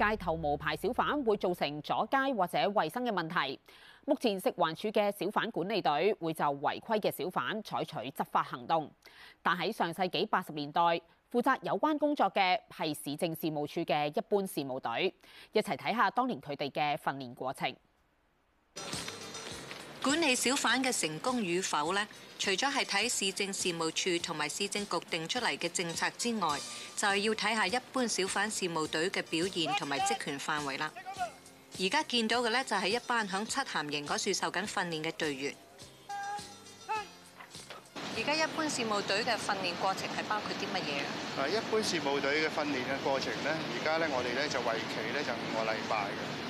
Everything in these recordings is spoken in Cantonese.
街頭無牌小販會造成阻街或者衞生嘅問題。目前食環署嘅小販管理隊會就違規嘅小販採取執法行動。但喺上世紀八十年代，負責有關工作嘅係市政事務署嘅一般事務隊。一齊睇下當年佢哋嘅訓練過程。管理小販嘅成功與否呢，除咗係睇市政事務處同埋市政局定出嚟嘅政策之外，就係要睇下一般小販事務隊嘅表現同埋職權範圍啦。而家見到嘅呢，就係一班響七鹹營嗰處受緊訓練嘅隊員。而家一般事務隊嘅訓練過程係包括啲乜嘢啊？一般事務隊嘅訓練嘅過程呢，而家咧我哋咧就為期咧就五個禮拜嘅。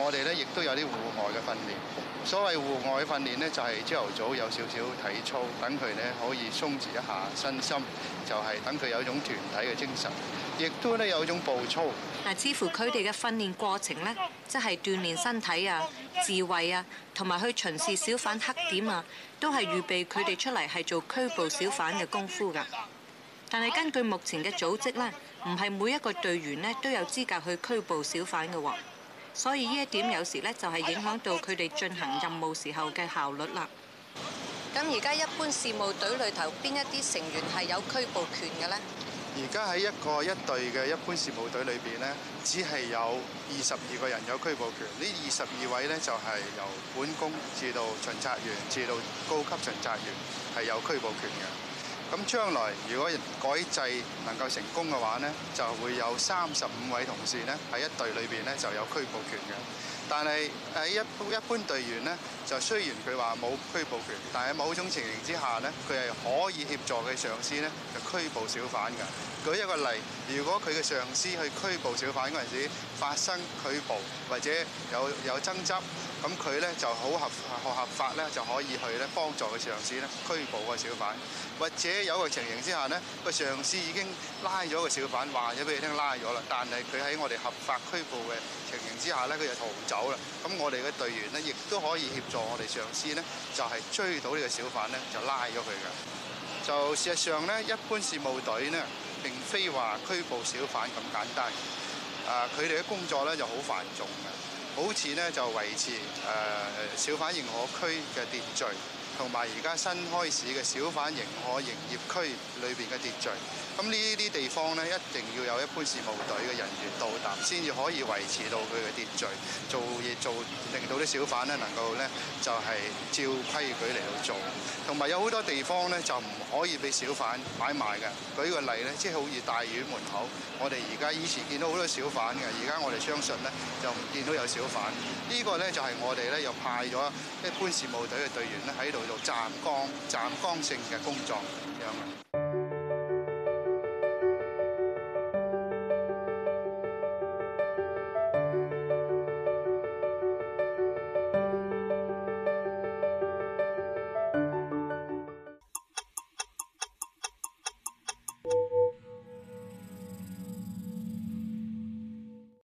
我哋呢，亦都有啲戶外嘅訓練。所謂戶外嘅訓練呢，就係朝頭早有少少體操，等佢呢可以鬆弛一下身心，就係等佢有一種團體嘅精神，亦都呢有一種步操。嗱，似乎佢哋嘅訓練過程呢，即係鍛鍊身體啊、智慧啊，同埋去巡視小販黑點啊，都係預備佢哋出嚟係做拘捕小販嘅功夫㗎。但係根據目前嘅組織呢，唔係每一個隊員呢都有資格去拘捕小販嘅喎。所以呢一點有時咧，就係影響到佢哋進行任務時候嘅效率啦。咁而家一般事務隊裏頭，邊一啲成員係有拘捕權嘅呢？而家喺一個一隊嘅一般事務隊裏邊呢，只係有二十二個人有拘捕權。呢二十二位呢，就係由本工至到巡查員至到高級巡查員，係有拘捕權嘅。咁將來如果改制能夠成功嘅話呢，就會有三十五位同事呢，喺一隊裏邊呢，就有拘捕權嘅。但係誒一一般隊員咧，就雖然佢話冇拘捕權，但係某種情形之下咧，佢係可以協助佢上司咧，就拘捕小販㗎。舉一個例，如果佢嘅上司去拘捕小販嗰陣時發生拒捕或者有有爭執，咁佢咧就好合合合法咧，就可以去咧幫助佢上司咧拘捕個小販，或者有個情形之下咧，個上司已經拉咗個小販，話咗俾你聽拉咗啦，但係佢喺我哋合法拘捕嘅情形之下咧，佢就逃走。好啦，咁我哋嘅隊員呢，亦都可以協助我哋上司呢，就係、是、追到呢個小販呢，就拉咗佢嘅。就事實上呢，一般事務隊呢，並非話拘捕小販咁簡單。佢哋嘅工作呢，就好繁重嘅，好似呢，就維持誒、呃、小販認可區嘅秩序，同埋而家新開始嘅小販認可營業區裏邊嘅秩序。咁呢啲地方呢，一定要有一般事務隊嘅人員。先至可以維持到佢嘅秩序，做嘢做令到啲小販咧能夠咧就係、是、照規矩嚟到做，同埋有好多地方咧就唔可以俾小販擺賣嘅。舉個例咧，即、就、係、是、好似大院門口，我哋而家以前見到好多小販嘅，而家我哋相信咧就唔見到有小販。這個、呢個咧就係、是、我哋咧又派咗一般事務隊嘅隊員咧喺度做站崗、站崗性嘅工作，咁樣。